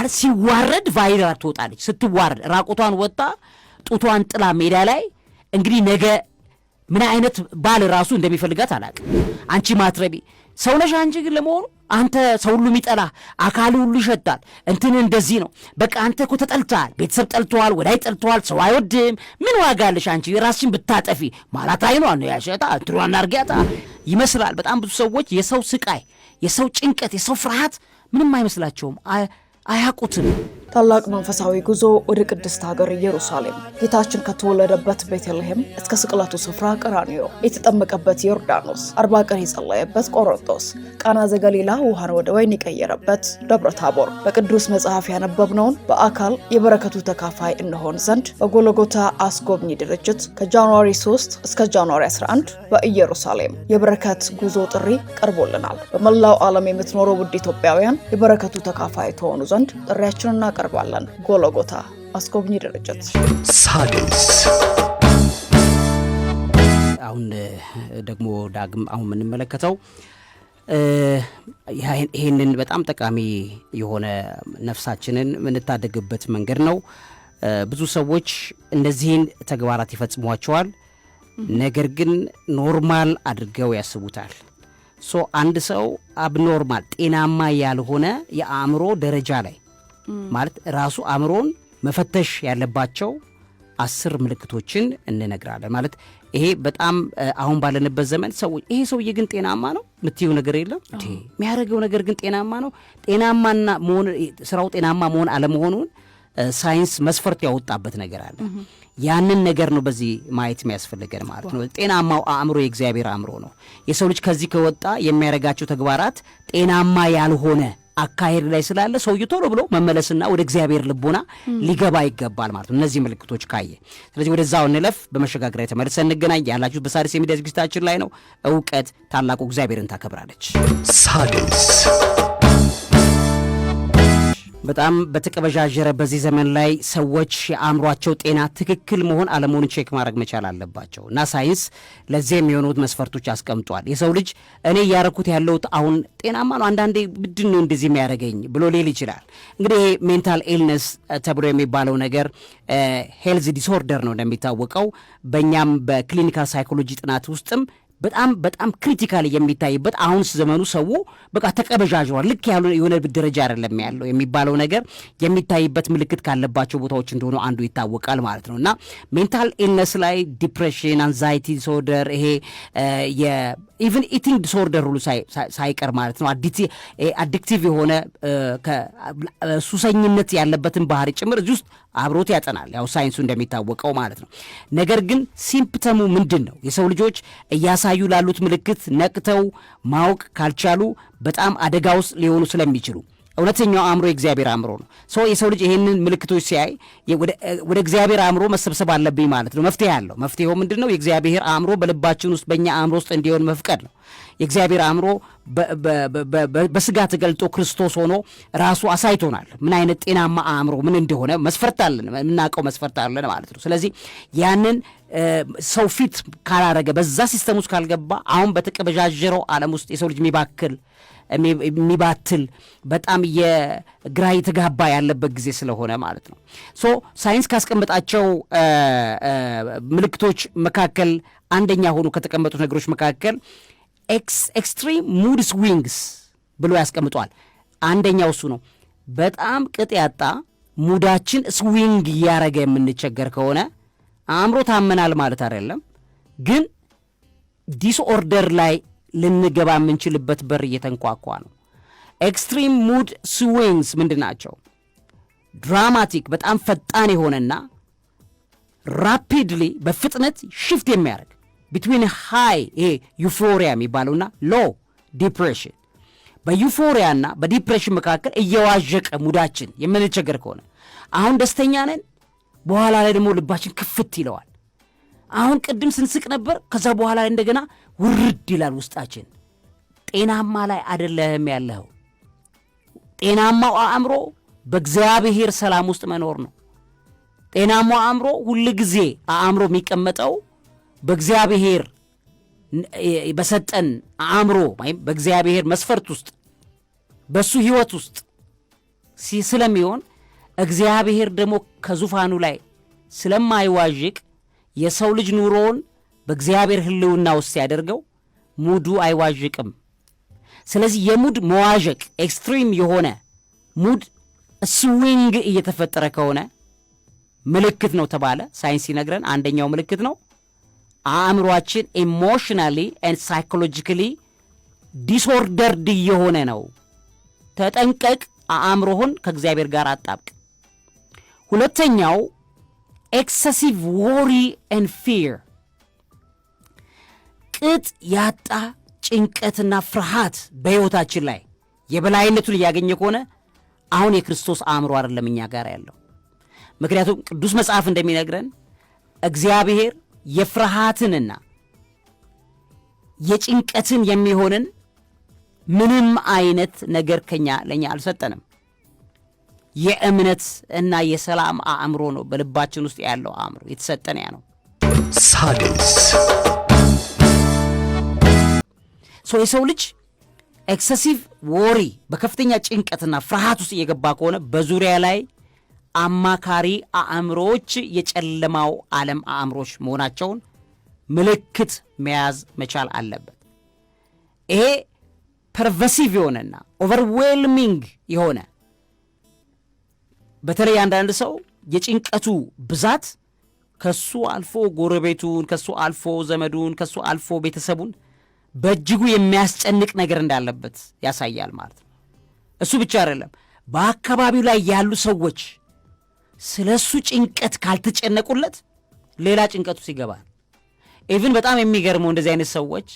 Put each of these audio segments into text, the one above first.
ማለት ሲዋረድ ቫይራ ትወጣለች። ስትዋረድ ራቁቷን ወጣ ጡቷን ጥላ ሜዳ ላይ እንግዲህ ነገ ምን አይነት ባል ራሱ እንደሚፈልጋት አላውቅም። አንቺ ማትረቢ ሰውነሽ አንቺ ግን ለመሆኑ አንተ ሰው ሁሉ የሚጠላ አካል ሁሉ ይሸጣል። እንትን እንደዚህ ነው በቃ አንተ እኮ ተጠልተሃል። ቤተሰብ ጠልተዋል፣ ወዳይ ጠልተዋል፣ ሰው አይወድም። ምን ዋጋ አለሽ አንቺ ራስሽን ብታጠፊ? ማለት አይኗ ነው ያሸጣ እንትኗን አርጊያጣ ይመስላል። በጣም ብዙ ሰዎች የሰው ስቃይ፣ የሰው ጭንቀት፣ የሰው ፍርሃት ምንም አይመስላቸውም። አያውቁትም። ታላቅ መንፈሳዊ ጉዞ ወደ ቅድስት ሀገር ኢየሩሳሌም ጌታችን ከተወለደበት ቤተልሔም እስከ ስቅለቱ ስፍራ ቀራንዮ፣ የተጠመቀበት ዮርዳኖስ፣ አርባ ቀን የጸለየበት ቆሮንቶስ፣ ቃና ዘገሊላ ውሃን ወደ ወይን የቀየረበት ደብረ ታቦር በቅዱስ መጽሐፍ ያነበብነውን በአካል የበረከቱ ተካፋይ እንሆን ዘንድ በጎለጎታ አስጎብኚ ድርጅት ከጃንዋሪ 3 እስከ ጃንዋሪ 11 በኢየሩሳሌም የበረከት ጉዞ ጥሪ ቀርቦልናል። በመላው ዓለም የምትኖረው ውድ ኢትዮጵያውያን የበረከቱ ተካፋይ ተሆኑ ዘንድ ጥሪያችንን እናቀርባለን። ጎሎጎታ አስጎብኚ ድርጅት አሁን ደግሞ ዳግም አሁን የምንመለከተው ይህንን በጣም ጠቃሚ የሆነ ነፍሳችንን የምንታደግበት መንገድ ነው። ብዙ ሰዎች እነዚህን ተግባራት ይፈጽሟቸዋል፣ ነገር ግን ኖርማል አድርገው ያስቡታል። ሶ አንድ ሰው አብኖርማል ጤናማ ያልሆነ የአእምሮ ደረጃ ላይ ማለት ራሱ አእምሮን መፈተሽ ያለባቸው አስር ምልክቶችን እንነግራለን። ማለት ይሄ በጣም አሁን ባለንበት ዘመን ሰው ይሄ ሰውዬ ግን ጤናማ ነው የምትይው ነገር የለም። የሚያደርገው ነገር ግን ጤናማ ነው። ጤናማና መሆን ስራው ጤናማ መሆን አለመሆኑን ሳይንስ መስፈርት ያወጣበት ነገር አለ። ያንን ነገር ነው በዚህ ማየት የሚያስፈልገን ማለት ነው። ጤናማው አእምሮ የእግዚአብሔር አእምሮ ነው። የሰው ልጅ ከዚህ ከወጣ የሚያደርጋቸው ተግባራት ጤናማ ያልሆነ አካሄድ ላይ ስላለ ሰውዬ ቶሎ ብሎ መመለስና ወደ እግዚአብሔር ልቦና ሊገባ ይገባል ማለት ነው፣ እነዚህ ምልክቶች ካየ። ስለዚህ ወደዛው እንለፍ። በመሸጋገሪያ የተመልሰን እንገናኝ። ያላችሁት በሣድስ የሚዲያ ዝግጅታችን ላይ ነው። እውቀት ታላቁ እግዚአብሔርን ታከብራለች። ሣድስ በጣም በተቀበዣጀረ በዚህ ዘመን ላይ ሰዎች የአእምሯቸው ጤና ትክክል መሆን አለመሆኑ ቼክ ማድረግ መቻል አለባቸው እና ሳይንስ ለዚህ የሚሆኑት መስፈርቶች አስቀምጧል። የሰው ልጅ እኔ እያረኩት ያለሁት አሁን ጤናማ ነው፣ አንዳንዴ ብድን ነው እንደዚህ የሚያደርገኝ ብሎ ሌል ይችላል። እንግዲህ ሜንታል ኢልነስ ተብሎ የሚባለው ነገር ሄልዝ ዲስኦርደር ነው እንደሚታወቀው። በእኛም በክሊኒካል ሳይኮሎጂ ጥናት ውስጥም በጣም በጣም ክሪቲካል የሚታይበት አሁን ዘመኑ ሰው በቃ ተቀበዣዥሯል። ልክ ያሉ የሆነ ደረጃ አይደለም ያለው የሚባለው ነገር የሚታይበት ምልክት ካለባቸው ቦታዎች እንደሆነ አንዱ ይታወቃል ማለት ነው እና ሜንታል ኢልነስ ላይ ዲፕሬሽን፣ አንዛይቲ ዲስኦርደር ይሄ ኢቨን ኢቲንግ ዲስኦርደር ሁሉ ሳይቀር ማለት ነው አዲክቲቭ የሆነ ሱሰኝነት ያለበትን ባህሪ ጭምር እዚህ ውስጥ አብሮት ያጠናል። ያው ሳይንሱ እንደሚታወቀው ማለት ነው። ነገር ግን ሲምፕተሙ ምንድን ነው? የሰው ልጆች እያሳዩ ላሉት ምልክት ነቅተው ማወቅ ካልቻሉ በጣም አደጋ ውስጥ ሊሆኑ ስለሚችሉ እውነተኛው አእምሮ የእግዚአብሔር አእምሮ ነው። ሰው የሰው ልጅ ይህንን ምልክቶች ሲያይ ወደ እግዚአብሔር አእምሮ መሰብሰብ አለብኝ ማለት ነው። መፍትሄ አለው። መፍትሄው ምንድን ነው? የእግዚአብሔር አእምሮ በልባችን ውስጥ በእኛ አእምሮ ውስጥ እንዲሆን መፍቀድ ነው። የእግዚአብሔር አእምሮ በስጋ ተገልጦ ክርስቶስ ሆኖ ራሱ አሳይቶናል። ምን አይነት ጤናማ አእምሮ ምን እንደሆነ መስፈርት አለን፣ የምናውቀው መስፈርት አለን ማለት ነው። ስለዚህ ያንን ሰው ፊት ካላረገ በዛ ሲስተም ውስጥ ካልገባ አሁን በተቀበዣጀረው ዓለም ውስጥ የሰው ልጅ የሚባክል የሚባትል በጣም የግራ የተጋባ ያለበት ጊዜ ስለሆነ ማለት ነው። ሶ ሳይንስ ካስቀመጣቸው ምልክቶች መካከል አንደኛ ሆኑ ከተቀመጡት ነገሮች መካከል ኤክስትሪም ሙድ ስዊንግስ ብሎ ያስቀምጧል። አንደኛው እሱ ነው። በጣም ቅጥ ያጣ ሙዳችን ስዊንግ እያረገ የምንቸገር ከሆነ አእምሮ ታመናል ማለት አይደለም፣ ግን ዲስኦርደር ላይ ልንገባ የምንችልበት በር እየተንኳኳ ነው። ኤክስትሪም ሙድ ስዊንግስ ምንድን ናቸው? ድራማቲክ በጣም ፈጣን የሆነና ራፒድሊ በፍጥነት ሽፍት የሚያደርግ ቢትዊን ሃይ ይሄ ዩፎሪያ የሚባለውና ሎ ዲፕሬሽን በዩፎሪያና በዲፕሬሽን መካከል እየዋዠቀ ሙዳችን የምንቸገር ከሆነ አሁን ደስተኛ ነን፣ በኋላ ላይ ደግሞ ልባችን ክፍት ይለዋል። አሁን ቅድም ስንስቅ ነበር፣ ከዛ በኋላ ላይ እንደገና ውርድ ይላል ውስጣችን። ጤናማ ላይ አደለህም ያለኸው። ጤናማው አእምሮ በእግዚአብሔር ሰላም ውስጥ መኖር ነው። ጤናማው አእምሮ ሁል ጊዜ አእምሮ የሚቀመጠው በእግዚአብሔር በሰጠን አእምሮ ወይም በእግዚአብሔር መስፈርት ውስጥ በእሱ ሕይወት ውስጥ ስለሚሆን እግዚአብሔር ደግሞ ከዙፋኑ ላይ ስለማይዋዥቅ የሰው ልጅ ኑሮውን በእግዚአብሔር ህልውና ውስጥ ያደርገው ሙዱ አይዋዥቅም። ስለዚህ የሙድ መዋዠቅ ኤክስትሪም የሆነ ሙድ ስዊንግ እየተፈጠረ ከሆነ ምልክት ነው ተባለ። ሳይንስ ሲነግረን አንደኛው ምልክት ነው። አእምሯችን ኢሞሽናሊ ኤንድ ሳይኮሎጂካሊ ዲስኦርደርድ እየሆነ ነው። ተጠንቀቅ። አእምሮህን ከእግዚአብሔር ጋር አጣብቅ። ሁለተኛው ኤክሰሲቭ ዎሪ ን ፊር ቅጥ ያጣ ጭንቀትና ፍርሃት በሕይወታችን ላይ የበላይነቱን እያገኘ ከሆነ አሁን የክርስቶስ አእምሮ አይደለም እኛ ጋር ያለው። ምክንያቱም ቅዱስ መጽሐፍ እንደሚነግረን እግዚአብሔር የፍርሃትንና የጭንቀትን የሚሆንን ምንም አይነት ነገር ከኛ ለእኛ አልሰጠንም። የእምነት እና የሰላም አእምሮ ነው በልባችን ውስጥ ያለው አእምሮ የተሰጠን ያ ነው። ሳድስ የሰው ልጅ ኤክሰሲቭ ወሪ በከፍተኛ ጭንቀትና ፍርሃት ውስጥ እየገባ ከሆነ በዙሪያ ላይ አማካሪ አእምሮዎች የጨለማው ዓለም አእምሮች መሆናቸውን ምልክት መያዝ መቻል አለበት። ይሄ ፐርቨሲቭ የሆነና ኦቨርዌልሚንግ የሆነ በተለይ አንዳንድ ሰው የጭንቀቱ ብዛት ከሱ አልፎ ጎረቤቱን፣ ከሱ አልፎ ዘመዱን፣ ከሱ አልፎ ቤተሰቡን በእጅጉ የሚያስጨንቅ ነገር እንዳለበት ያሳያል ማለት ነው። እሱ ብቻ አይደለም፣ በአካባቢው ላይ ያሉ ሰዎች ስለ እሱ ጭንቀት ካልተጨነቁለት ሌላ ጭንቀቱ ሲገባ። ኢቭን በጣም የሚገርመው እንደዚህ አይነት ሰዎች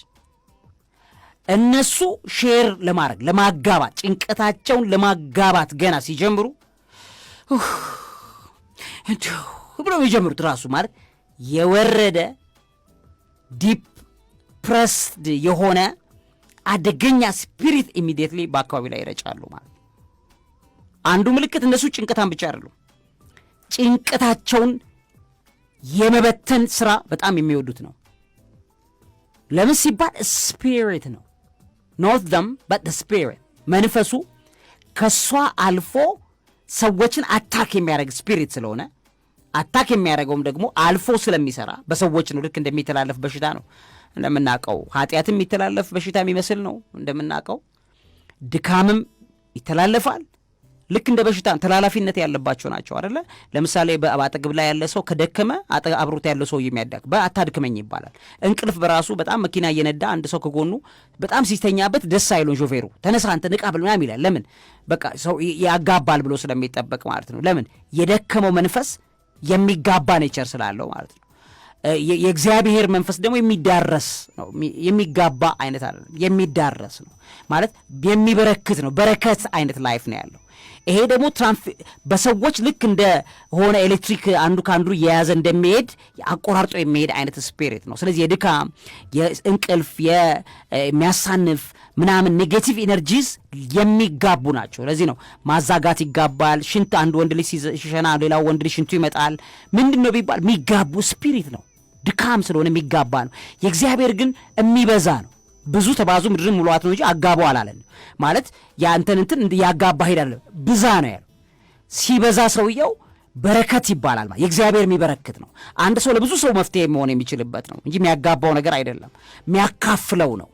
እነሱ ሼር ለማድረግ ለማጋባት ጭንቀታቸውን ለማጋባት ገና ሲጀምሩ ብሎ የጀመሩት ራሱ ማለት የወረደ ዲፕረስድ የሆነ አደገኛ ስፒሪት ኢሚዲየትሊ በአካባቢ ላይ ይረጫሉ ማለት አንዱ ምልክት እነሱ ጭንቀታን ብቻ አይደሉም፣ ጭንቀታቸውን የመበተን ስራ በጣም የሚወዱት ነው። ለምን ሲባል ስፒሪት ነው ኖት ም በት ስፒሪት መንፈሱ ከእሷ አልፎ ሰዎችን አታክ የሚያደርግ ስፒሪት ስለሆነ አታክ የሚያደርገውም ደግሞ አልፎ ስለሚሰራ በሰዎች ነው። ልክ እንደሚተላለፍ በሽታ ነው እንደምናውቀው። ኃጢአትም የሚተላለፍ በሽታ የሚመስል ነው እንደምናውቀው። ድካምም ይተላለፋል። ልክ እንደ በሽታ ተላላፊነት ያለባቸው ናቸው አደለ? ለምሳሌ በአጠገብ ላይ ያለ ሰው ከደከመ አብሮት ያለው ሰው የሚያዳክ በአታድክመኝ ይባላል። እንቅልፍ በራሱ በጣም መኪና እየነዳ አንድ ሰው ከጎኑ በጣም ሲተኛበት ደስ አይሉን ሾፌሩ ተነሳ አንተ ንቃ ብሎ ምናምን ይላል። ለምን? በቃ ሰው ያጋባል ብሎ ስለሚጠበቅ ማለት ነው። ለምን? የደከመው መንፈስ የሚጋባ ኔቸር ስላለው ማለት ነው። የእግዚአብሔር መንፈስ ደግሞ የሚዳረስ ነው። የሚጋባ አይነት አይደለም፣ የሚዳረስ ነው ማለት የሚበረክት ነው። በረከት አይነት ላይፍ ነው ያለው። ይሄ ደግሞ በሰዎች ልክ እንደሆነ ኤሌክትሪክ አንዱ ከአንዱ እየያዘ እንደሚሄድ አቆራርጦ የሚሄድ አይነት ስፒሪት ነው። ስለዚህ የድካም የእንቅልፍ የሚያሳንፍ ምናምን ኔጌቲቭ ኢነርጂስ የሚጋቡ ናቸው። ለዚህ ነው ማዛጋት ይጋባል። ሽንት አንድ ወንድ ልጅ ሲሸና ሌላው ወንድ ልጅ ሽንቱ ይመጣል። ምንድን ነው ቢባል የሚጋቡ ስፒሪት ነው። ድካም ስለሆነ የሚጋባ ነው። የእግዚአብሔር ግን የሚበዛ ነው። ብዙ ተባዙ ምድርን ሙሏት ነው እንጂ አጋባው አላለን። ማለት የአንተን እንትን ያጋባ ሄዳለ ብዛ ነው ያለው። ሲበዛ ሰውየው በረከት ይባላል። ማለት የእግዚአብሔር የሚበረክት ነው። አንድ ሰው ለብዙ ሰው መፍትሄ መሆን የሚችልበት ነው እንጂ የሚያጋባው ነገር አይደለም። የሚያካፍለው ነው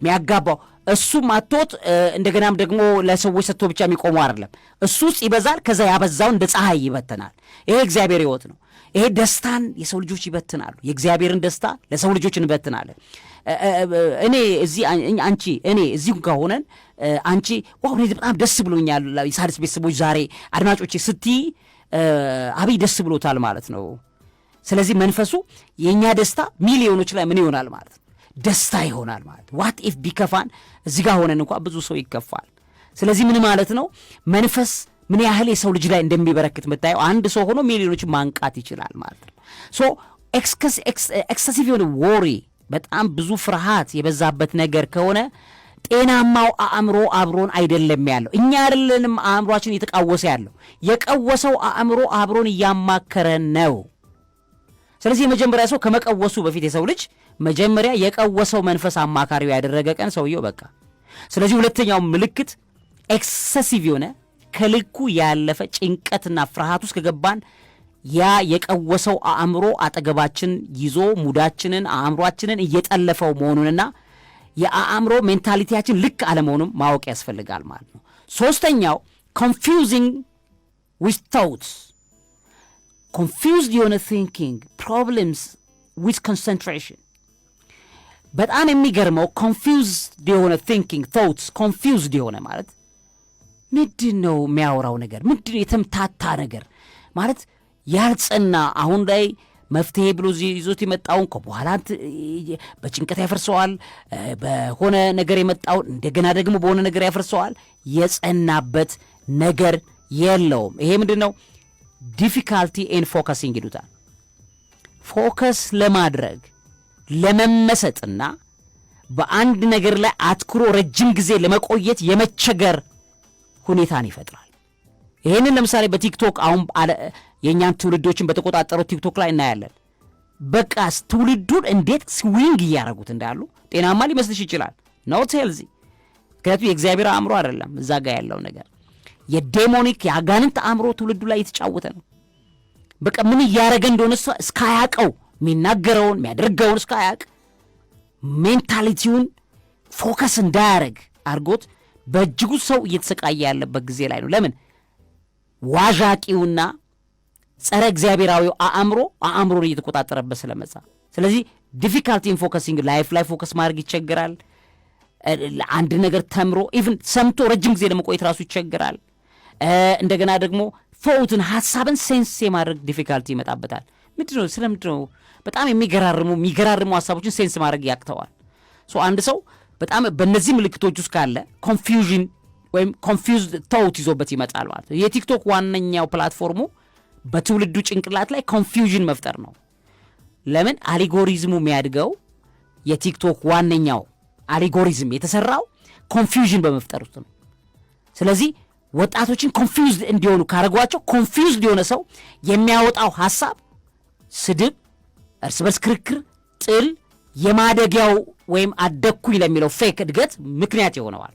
የሚያጋባው። እሱም አቶት እንደገናም ደግሞ ለሰዎች ሰጥቶ ብቻ የሚቆሙ አይደለም። እሱ ውስጥ ይበዛል፣ ከዛ ያበዛው እንደ ፀሐይ ይበትናል። ይሄ እግዚአብሔር ህይወት ነው። ይሄ ደስታን የሰው ልጆች ይበትናሉ። የእግዚአብሔርን ደስታ ለሰው ልጆች እንበትናለን። እኔ እዚህ አንቺ እኔ እዚሁ ጋር ሆነን አንቺ ዋው በጣም ደስ ብሎኛል የሣድስ ቤተሰቦች ዛሬ አድማጮቼ ስትይ አብይ ደስ ብሎታል ማለት ነው። ስለዚህ መንፈሱ የእኛ ደስታ ሚሊዮኖች ላይ ምን ይሆናል ማለት ነው ደስታ ይሆናል ማለት ዋት ኢፍ ቢከፋን እዚህ ጋር ሆነን እንኳ ብዙ ሰው ይከፋል። ስለዚህ ምን ማለት ነው መንፈስ ምን ያህል የሰው ልጅ ላይ እንደሚበረክት የምታየው አንድ ሰው ሆኖ ሚሊዮኖች ማንቃት ይችላል ማለት ነው። ሶ ኤክሰሲቭ የሆነ ወሪ በጣም ብዙ ፍርሃት የበዛበት ነገር ከሆነ ጤናማው አእምሮ አብሮን አይደለም ያለው። እኛ አይደለንም አእምሯችን እየተቃወሰ ያለው፣ የቀወሰው አእምሮ አብሮን እያማከረን ነው። ስለዚህ የመጀመሪያ ሰው ከመቀወሱ በፊት የሰው ልጅ መጀመሪያ የቀወሰው መንፈስ አማካሪው ያደረገ ቀን ሰውየው በቃ። ስለዚህ ሁለተኛው ምልክት ኤክሰሲቭ የሆነ ከልኩ ያለፈ ጭንቀትና ፍርሃት ውስጥ ከገባን ያ የቀወሰው አእምሮ አጠገባችን ይዞ ሙዳችንን አእምሯችንን እየጠለፈው መሆኑንና የአእምሮ ሜንታሊቲያችን ልክ አለመሆኑም ማወቅ ያስፈልጋል ማለት ነው። ሶስተኛው ኮንፊውዚንግ ዊዝ ኮንፊዝድ ኮንፊውዝድ የሆነ ቲንኪንግ ፕሮብሌምስ ዊዝ ኮንሰንትሬሽን በጣም የሚገርመው ኮንፊውዝድ የሆነ ቲንኪንግ ታውትስ ኮንፊውዝድ የሆነ ማለት ምንድን ነው የሚያወራው ነገር ምንድን ነው የተምታታ ነገር ማለት ያልጸና አሁን ላይ መፍትሄ ብሎ ይዞት የመጣውን ከበኋላ በጭንቀት ያፈርሰዋል። በሆነ ነገር የመጣውን እንደገና ደግሞ በሆነ ነገር ያፈርሰዋል። የጸናበት ነገር የለውም። ይሄ ምንድን ነው? ዲፊካልቲ ኤን ፎከሲንግ ይሉታል። ፎከስ ለማድረግ ለመመሰጥና በአንድ ነገር ላይ አትኩሮ ረጅም ጊዜ ለመቆየት የመቸገር ሁኔታን ይፈጥራል። ይህንን ለምሳሌ በቲክቶክ አሁን የእኛን ትውልዶችን በተቆጣጠረው ቲክቶክ ላይ እናያለን። በቃ ትውልዱን እንዴት ስዊንግ እያደረጉት እንዳሉ ጤናማ ሊመስልሽ ይችላል። ኖት ሄልዚ። ምክንያቱም የእግዚአብሔር አእምሮ አይደለም እዛ ጋር ያለው ነገር፣ የዴሞኒክ የአጋንንት አእምሮ ትውልዱ ላይ እየተጫወተ ነው። በቃ ምን እያደረገ እንደሆነ እስካያቀው የሚናገረውን የሚያደርገውን እስካያቅ ሜንታሊቲውን ፎከስ እንዳያደረግ አድርጎት በእጅጉ ሰው እየተሰቃየ ያለበት ጊዜ ላይ ነው። ለምን ዋዣቂውና ጸረ እግዚአብሔራዊው አእምሮ አእምሮን እየተቆጣጠረበት ስለመጣ ስለዚህ ዲፊካልቲ ኢን ፎከሲንግ ላይፍ ላይ ፎከስ ማድረግ ይቸግራል። አንድ ነገር ተምሮ ኢቭን ሰምቶ ረጅም ጊዜ ለመቆየት ራሱ ይቸግራል። እንደገና ደግሞ ፎውትን ሀሳብን ሴንስ የማድረግ ዲፊካልቲ ይመጣበታል። ምንድነው ነው በጣም የሚገራርሙ የሚገራርሙ ሀሳቦችን ሴንስ ማድረግ ያቅተዋል። አንድ ሰው በጣም በእነዚህ ምልክቶች ውስጥ ካለ ኮንፊውዥን ወይም ኮንፊውዝድ ተውት ይዞበት ይመጣል ማለት ነው። የቲክቶክ ዋነኛው ፕላትፎርሙ በትውልዱ ጭንቅላት ላይ ኮንፊውዥን መፍጠር ነው። ለምን አሊጎሪዝሙ የሚያድገው የቲክቶክ ዋነኛው አሊጎሪዝም የተሰራው ኮንፊውዥን በመፍጠር ውስጥ ነው። ስለዚህ ወጣቶችን ኮንፊውዝድ እንዲሆኑ ካደረጓቸው ኮንፊውዝድ የሆነ ሰው የሚያወጣው ሀሳብ ስድብ፣ እርስ በርስ ክርክር፣ ጥል የማደጊያው ወይም አደግኩኝ ለሚለው ፌክ እድገት ምክንያት ይሆነዋል።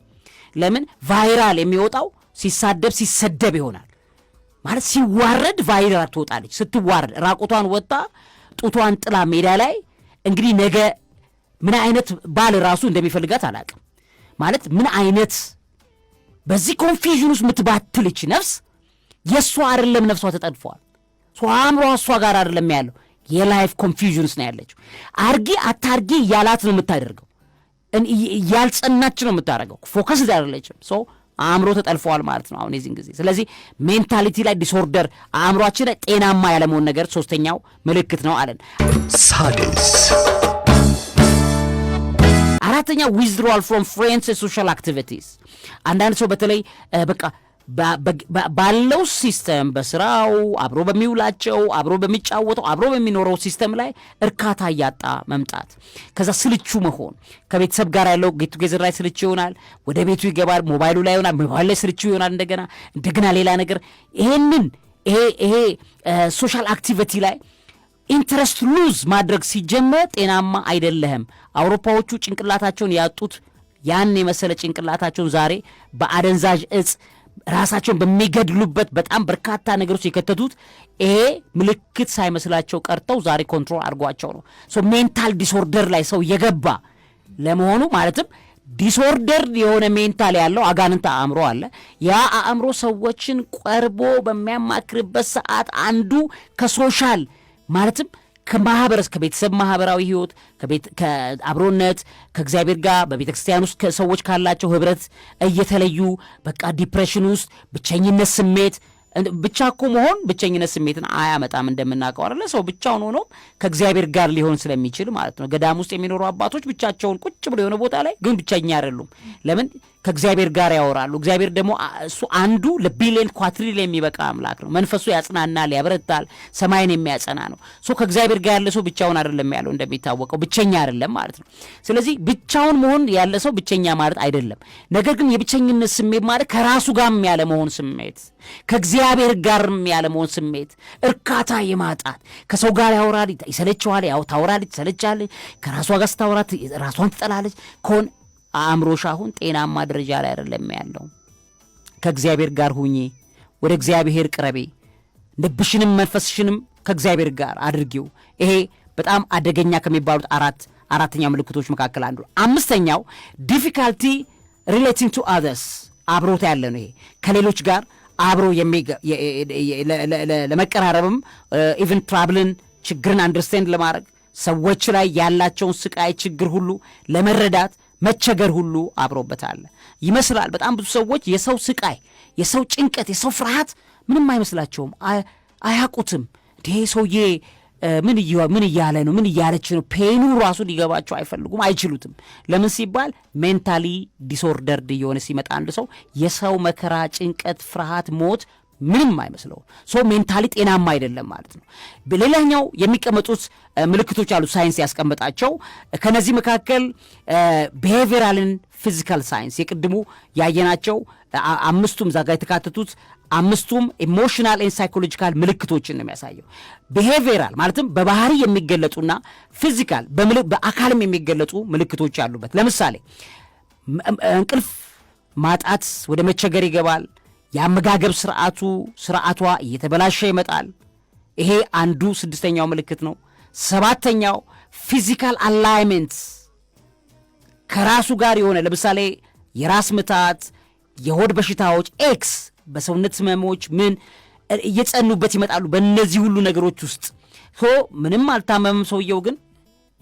ለምን ቫይራል የሚወጣው ሲሳደብ ሲሰደብ ይሆናል። ማለት ሲዋረድ ቫይራ ትወጣለች። ስትዋረድ ራቁቷን ወጣ ጡቷን ጥላ ሜዳ ላይ እንግዲህ ነገ ምን አይነት ባል ራሱ እንደሚፈልጋት አላቅም። ማለት ምን አይነት በዚህ ኮንፊዥን ውስጥ የምትባትልች ነፍስ የእሷ አይደለም ነፍሷ ተጠድፈዋል። አእምሮ እሷ ጋር አይደለም ያለው የላይፍ ኮንፊዥንስ ነው ያለችው። አርጊ አታርጌ ያላት ነው የምታደርገው። ያልጸናች ነው የምታደርገው። ፎከስ አይደለችም ሰው አእምሮ ተጠልፈዋል ማለት ነው አሁን የዚህን ጊዜ። ስለዚህ ሜንታሊቲ ላይ ዲስኦርደር፣ አእምሯችን ላይ ጤናማ ያለመሆን ነገር ሶስተኛው ምልክት ነው አለን። ሳድስ አራተኛ ዊዝድሮዋል ፍሮም ፍሬንድስ ሶሻል አክቲቪቲስ አንዳንድ ሰው በተለይ በቃ ባለው ሲስተም በስራው አብሮ በሚውላቸው አብሮ በሚጫወተው አብሮ በሚኖረው ሲስተም ላይ እርካታ እያጣ መምጣት፣ ከዛ ስልቹ መሆን። ከቤተሰብ ጋር ያለው ጌቱ ጌዘር ላይ ስልቹ ይሆናል። ወደ ቤቱ ይገባል፣ ሞባይሉ ላይ ይሆናል፣ ሞባይሉ ላይ ስልቹ ይሆናል። እንደገና እንደገና ሌላ ነገር ይሄንን ይሄ ይሄ ሶሻል አክቲቪቲ ላይ ኢንትረስት ሉዝ ማድረግ ሲጀመር ጤናማ አይደለህም። አውሮፓዎቹ ጭንቅላታቸውን ያጡት ያን የመሰለ ጭንቅላታቸውን ዛሬ በአደንዛዥ እጽ ራሳቸውን በሚገድሉበት በጣም በርካታ ነገሮች የከተቱት ይሄ ምልክት ሳይመስላቸው ቀርተው ዛሬ ኮንትሮል አድርጓቸው ነው። ሜንታል ዲስኦርደር ላይ ሰው የገባ ለመሆኑ ማለትም ዲስኦርደር የሆነ ሜንታል ያለው አጋንንት አእምሮ አለ። ያ አእምሮ ሰዎችን ቀርቦ በሚያማክርበት ሰዓት አንዱ ከሶሻል ማለትም ከማህበረስ ከቤተሰብ ማህበራዊ ህይወት ከአብሮነት ከእግዚአብሔር ጋር በቤተ ክርስቲያን ውስጥ ሰዎች ካላቸው ህብረት እየተለዩ በቃ ዲፕሬሽን ውስጥ ብቸኝነት ስሜት ብቻ እኮ መሆን ብቸኝነት ስሜትን አያመጣም። እንደምናውቀው አለ ሰው ብቻውን ሆኖም ከእግዚአብሔር ጋር ሊሆን ስለሚችል ማለት ነው። ገዳም ውስጥ የሚኖሩ አባቶች ብቻቸውን ቁጭ ብሎ የሆነ ቦታ ላይ ግን ብቸኛ አይደሉም። ለምን ከእግዚአብሔር ጋር ያወራሉ። እግዚአብሔር ደግሞ እሱ አንዱ ለቢሊየን ኳትሪል የሚበቃ አምላክ ነው። መንፈሱ ያጽናናል፣ ያበረታል፣ ሰማይን የሚያጸና ነው። ሶ ከእግዚአብሔር ጋር ያለ ሰው ብቻውን አይደለም ያለው እንደሚታወቀው ብቸኛ አይደለም ማለት ነው። ስለዚህ ብቻውን መሆን ያለ ሰው ብቸኛ ማለት አይደለም። ነገር ግን የብቸኝነት ስሜት ማለት ከራሱ ጋርም መሆን ስሜት፣ ከእግዚአብሔር ጋርም መሆን ስሜት፣ እርካታ የማጣት ከሰው ጋር ያወራል፣ ይሰለችዋል፣ ያው ታወራለች፣ ትሰለቻለች፣ ከራሷ ጋር ስታወራት ራሷን ትጠላለች ከሆን አእምሮሽ አሁን ጤናማ ደረጃ ላይ አይደለም ያለው። ከእግዚአብሔር ጋር ሁኚ፣ ወደ እግዚአብሔር ቅረቤ፣ ልብሽንም መንፈስሽንም ከእግዚአብሔር ጋር አድርጊው። ይሄ በጣም አደገኛ ከሚባሉት አራት አራተኛው ምልክቶች መካከል አንዱ። አምስተኛው ዲፊካልቲ ሪሌቲንግ ቱ አዘርስ አብሮት ያለ ነው። ይሄ ከሌሎች ጋር አብሮ ለመቀራረብም ኢቨን ትራብልን ችግርን አንደርስቴንድ ለማድረግ ሰዎች ላይ ያላቸውን ስቃይ ችግር ሁሉ ለመረዳት መቸገር ሁሉ አብሮበታል ይመስላል። በጣም ብዙ ሰዎች የሰው ስቃይ፣ የሰው ጭንቀት፣ የሰው ፍርሃት ምንም አይመስላቸውም፣ አያውቁትም። ይሄ ሰውዬ ምን እያለ ነው? ምን እያለች ነው? ፔኑ ራሱ ሊገባቸው አይፈልጉም፣ አይችሉትም። ለምን ሲባል ሜንታሊ ዲስኦርደርድ እየሆነ ሲመጣ አንድ ሰው የሰው መከራ፣ ጭንቀት፣ ፍርሃት፣ ሞት ምንም አይመስለውም። ሰው ሜንታሊ ጤናማ አይደለም ማለት ነው። ሌላኛው የሚቀመጡት ምልክቶች አሉ ሳይንስ ያስቀመጣቸው። ከነዚህ መካከል ቢሄቪራልን ፊዚካል ሳይንስ የቅድሙ ያየናቸው አምስቱም ዛጋ የተካተቱት አምስቱም ኢሞሽናል ኤንድ ሳይኮሎጂካል ምልክቶችን ነው የሚያሳየው። ቢሄቪራል ማለትም በባህሪ የሚገለጡና ፊዚካል በአካልም የሚገለጡ ምልክቶች አሉበት። ለምሳሌ እንቅልፍ ማጣት ወደ መቸገር ይገባል። የአመጋገብ ስርዓቱ ስርዓቷ እየተበላሸ ይመጣል። ይሄ አንዱ ስድስተኛው ምልክት ነው። ሰባተኛው ፊዚካል አላይመንት ከራሱ ጋር የሆነ ለምሳሌ የራስ ምታት፣ የሆድ በሽታዎች ኤክስ በሰውነት ህመሞች ምን እየጸኑበት ይመጣሉ። በእነዚህ ሁሉ ነገሮች ውስጥ ሶ ምንም አልታመምም ሰውየው ግን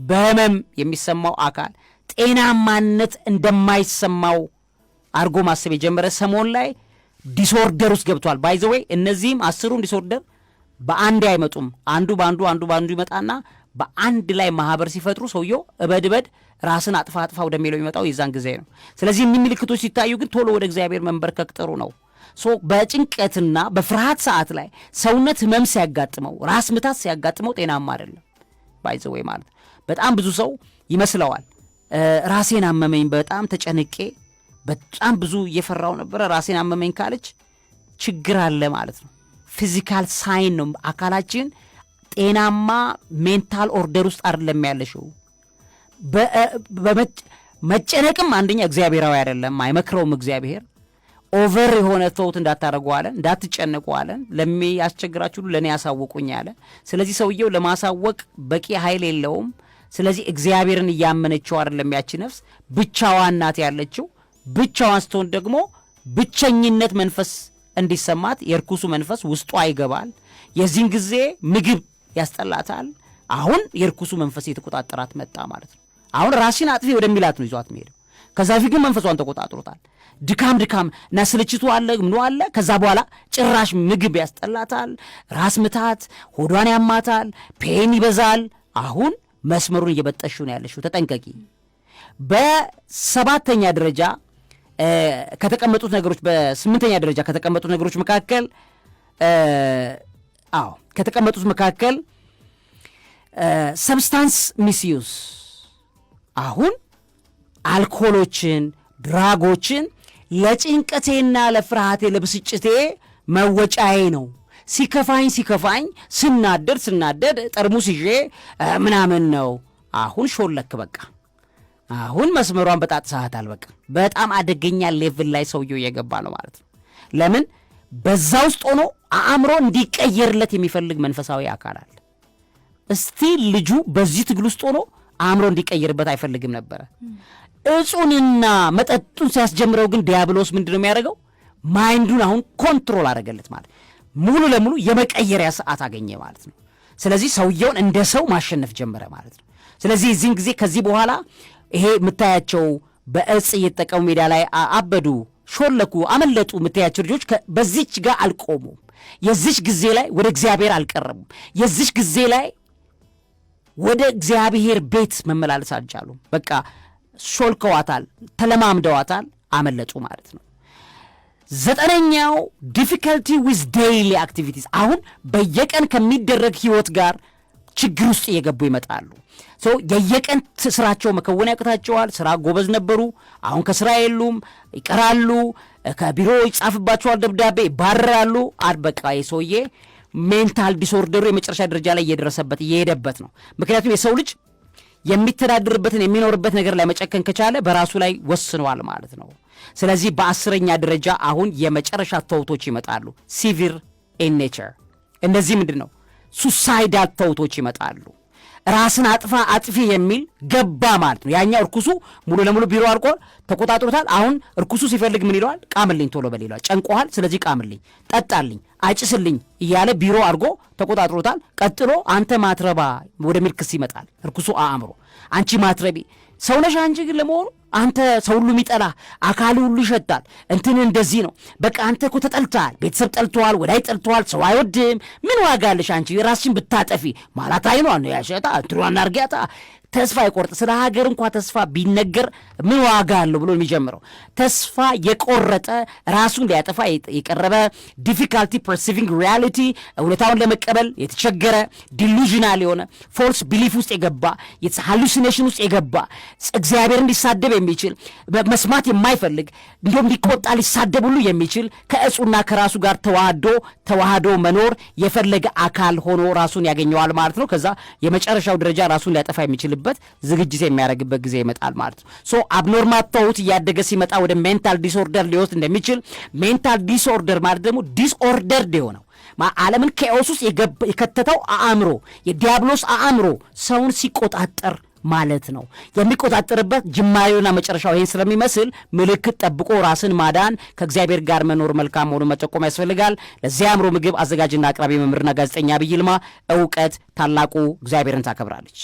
በህመም የሚሰማው አካል ጤናማነት እንደማይሰማው አድርጎ ማሰብ የጀመረ ሰሞን ላይ ዲስኦርደር ውስጥ ገብቷል። ባይዘወይ እነዚህም አስሩም ዲስኦርደር በአንድ አይመጡም። አንዱ በአንዱ አንዱ በአንዱ ይመጣና በአንድ ላይ ማህበር ሲፈጥሩ ሰውየው እበድ እበድ ራስን አጥፋ አጥፋ ወደሚለው የሚመጣው የዛን ጊዜ ነው። ስለዚህ እኒህ ምልክቶች ሲታዩ ግን ቶሎ ወደ እግዚአብሔር መንበርከክ ጥሩ ነው። ሶ በጭንቀትና በፍርሃት ሰዓት ላይ ሰውነት ህመም ሲያጋጥመው፣ ራስ ምታት ሲያጋጥመው ጤናማ አይደለም። ባይዘወይ ማለት በጣም ብዙ ሰው ይመስለዋል ራሴን አመመኝ በጣም ተጨንቄ በጣም ብዙ እየፈራው ነበረ። ራሴን አመመኝ ካለች ችግር አለ ማለት ነው። ፊዚካል ሳይን ነው። አካላችን ጤናማ ሜንታል ኦርደር ውስጥ አይደለም ያለሽው። መጨነቅም አንደኛ እግዚአብሔራዊ አይደለም፣ አይመክረውም እግዚአብሔር። ኦቨር የሆነ ተውት እንዳታደረጉ አለን፣ እንዳትጨነቁ አለን። ለሚያስቸግራችሁ ለእኔ ያሳውቁኝ አለ። ስለዚህ ሰውየው ለማሳወቅ በቂ ኃይል የለውም። ስለዚህ እግዚአብሔርን እያመነችው አይደለም ያቺ ነፍስ፣ ብቻዋ እናት ያለችው ብቻዋን ስትሆን ደግሞ ብቸኝነት መንፈስ እንዲሰማት የርኩሱ መንፈስ ውስጧ ይገባል። የዚህን ጊዜ ምግብ ያስጠላታል። አሁን የርኩሱ መንፈስ የተቆጣጠራት መጣ ማለት ነው። አሁን ራሴን አጥፊ ወደሚላት ነው ይዟት የሚሄደው። ከዛ በፊት ግን መንፈሷን ተቆጣጥሮታል። ድካም ድካም እና ስልችቱ አለ ምኖ አለ። ከዛ በኋላ ጭራሽ ምግብ ያስጠላታል። ራስ ምታት፣ ሆዷን ያማታል፣ ፔን ይበዛል። አሁን መስመሩን እየበጠሽ ነው ያለሽው፣ ተጠንቀቂ። በሰባተኛ ደረጃ ከተቀመጡት ነገሮች በስምንተኛ ደረጃ ከተቀመጡት ነገሮች መካከል አዎ ከተቀመጡት መካከል ሰብስታንስ ሚስዩስ አሁን አልኮሎችን፣ ድራጎችን ለጭንቀቴና ለፍርሃቴ ለብስጭቴ መወጫዬ ነው። ሲከፋኝ ሲከፋኝ፣ ስናደድ ስናደድ ጠርሙስ ይዤ ምናምን ነው። አሁን ሾለክ በቃ አሁን መስመሯን ሰዓት በቃ በጣም አደገኛ ሌቭል ላይ ሰውየው እየገባ ነው ማለት ነው። ለምን በዛ ውስጥ ሆኖ አእምሮ እንዲቀየርለት የሚፈልግ መንፈሳዊ አካል አለ። እስቲ ልጁ በዚህ ትግል ውስጥ ሆኖ አእምሮ እንዲቀየርበት አይፈልግም ነበረ። እጹንና መጠጡን ሲያስጀምረው ግን ዲያብሎስ ምንድን ነው የሚያደርገው? ማይንዱን አሁን ኮንትሮል አደረገለት ማለት ሙሉ ለሙሉ የመቀየሪያ ሰዓት አገኘ ማለት ነው። ስለዚህ ሰውየውን እንደ ሰው ማሸነፍ ጀመረ ማለት ነው። ስለዚህ እዚህን ጊዜ ከዚህ በኋላ ይሄ የምታያቸው በእጽ እየተጠቀሙ ሜዳ ላይ አበዱ፣ ሾለኩ፣ አመለጡ የምታያቸው ልጆች በዚች ጋር አልቆሙም። የዚች ጊዜ ላይ ወደ እግዚአብሔር አልቀረቡም። የዚች ጊዜ ላይ ወደ እግዚአብሔር ቤት መመላለስ አልቻሉም። በቃ ሾልከዋታል፣ ተለማምደዋታል፣ አመለጡ ማለት ነው። ዘጠነኛው ዲፊከልቲ ዊዝ ዴይሊ አክቲቪቲስ አሁን በየቀን ከሚደረግ ህይወት ጋር ችግር ውስጥ እየገቡ ይመጣሉ። ሰው የየቀን ስራቸው መከወን ያቅታቸዋል። ስራ ጎበዝ ነበሩ፣ አሁን ከስራ የሉም፣ ይቀራሉ። ከቢሮ ይጻፍባቸዋል ደብዳቤ፣ ይባረራሉ። አድበቃ የሰውዬ ሜንታል ዲስኦርደሩ የመጨረሻ ደረጃ ላይ እየደረሰበት እየሄደበት ነው። ምክንያቱም የሰው ልጅ የሚተዳድርበትን የሚኖርበት ነገር ላይ መጨከን ከቻለ በራሱ ላይ ወስኗል ማለት ነው። ስለዚህ በአስረኛ ደረጃ አሁን የመጨረሻ ተውቶች ይመጣሉ። ሲቪር ኢን ኔቸር እነዚህ ምንድን ነው? ሱሳይዳል ተውቶች ይመጣሉ። ራስን አጥፋ አጥፊ የሚል ገባ ማለት ነው። ያኛው እርኩሱ ሙሉ ለሙሉ ቢሮ አልቆ ተቆጣጥሮታል። አሁን እርኩሱ ሲፈልግ ምን ይለዋል? ቃምልኝ ቶሎ በል ይለዋል። ጨንቆሃል፣ ስለዚህ ቃምልኝ፣ ጠጣልኝ፣ አጭስልኝ እያለ ቢሮ አድርጎ ተቆጣጥሮታል። ቀጥሎ አንተ ማትረባ ወደ ሚል ክስ ይመጣል እርኩሱ አእምሮ። አንቺ ማትረቢ ሰውነሽ አንቺ ግን ለመሆኑ አንተ ሰው ሁሉ የሚጠላ አካል ሁሉ ይሸታል። እንትን እንደዚህ ነው። በቃ አንተ እኮ ተጠልተሃል። ቤተሰብ ጠልተዋል፣ ወዳይ ጠልተዋል፣ ሰው አይወድም። ምን ዋጋ አለሽ አንቺ ራስሽን ብታጠፊ? ማላታይ ነው አነ ያሸታ ትሯን አርጊያታ ተስፋ የቆረጠ ስለ ሀገር እንኳ ተስፋ ቢነገር ምን ዋጋ አለው ብሎ የሚጀምረው ተስፋ የቆረጠ ራሱን ሊያጠፋ የቀረበ ዲፊካልቲ ፐርሲቪንግ ሪያሊቲ እውነታውን ለመቀበል የተቸገረ ዲሉዥናል የሆነ ፎልስ ቢሊፍ ውስጥ የገባ ሃሉሲኔሽን ውስጥ የገባ እግዚአብሔርን ሊሳደብ የሚችል መስማት የማይፈልግ እንዲሁም ሊቆጣ ሊሳደብ ሁሉ የሚችል ከእጹና ከራሱ ጋር ተዋህዶ ተዋህዶ መኖር የፈለገ አካል ሆኖ ራሱን ያገኘዋል ማለት ነው። ከዛ የመጨረሻው ደረጃ ራሱን ሊያጠፋ የሚችል የሚያደርግበት ዝግጅት የሚያደርግበት ጊዜ ይመጣል ማለት ነው። ሶ አብኖርማል ቶት እያደገ ሲመጣ ወደ ሜንታል ዲስኦርደር ሊወስድ እንደሚችል ሜንታል ዲስኦርደር ማለት ደግሞ ዲስኦርደርድ የሆነው ዓለምን ኬኦስ ውስጥ የከተተው አእምሮ የዲያብሎስ አእምሮ ሰውን ሲቆጣጠር ማለት ነው። የሚቆጣጠርበት ጅማሬውና መጨረሻው ይህን ስለሚመስል ምልክት ጠብቆ ራስን ማዳን ከእግዚአብሔር ጋር መኖር መልካም መሆኑን መጠቆም ያስፈልጋል። ለዚህ አእምሮ ምግብ አዘጋጅና አቅራቢ መምህርና ጋዜጠኛ ዐቢይ ይልማ። እውቀት ታላቁ እግዚአብሔርን ታከብራለች።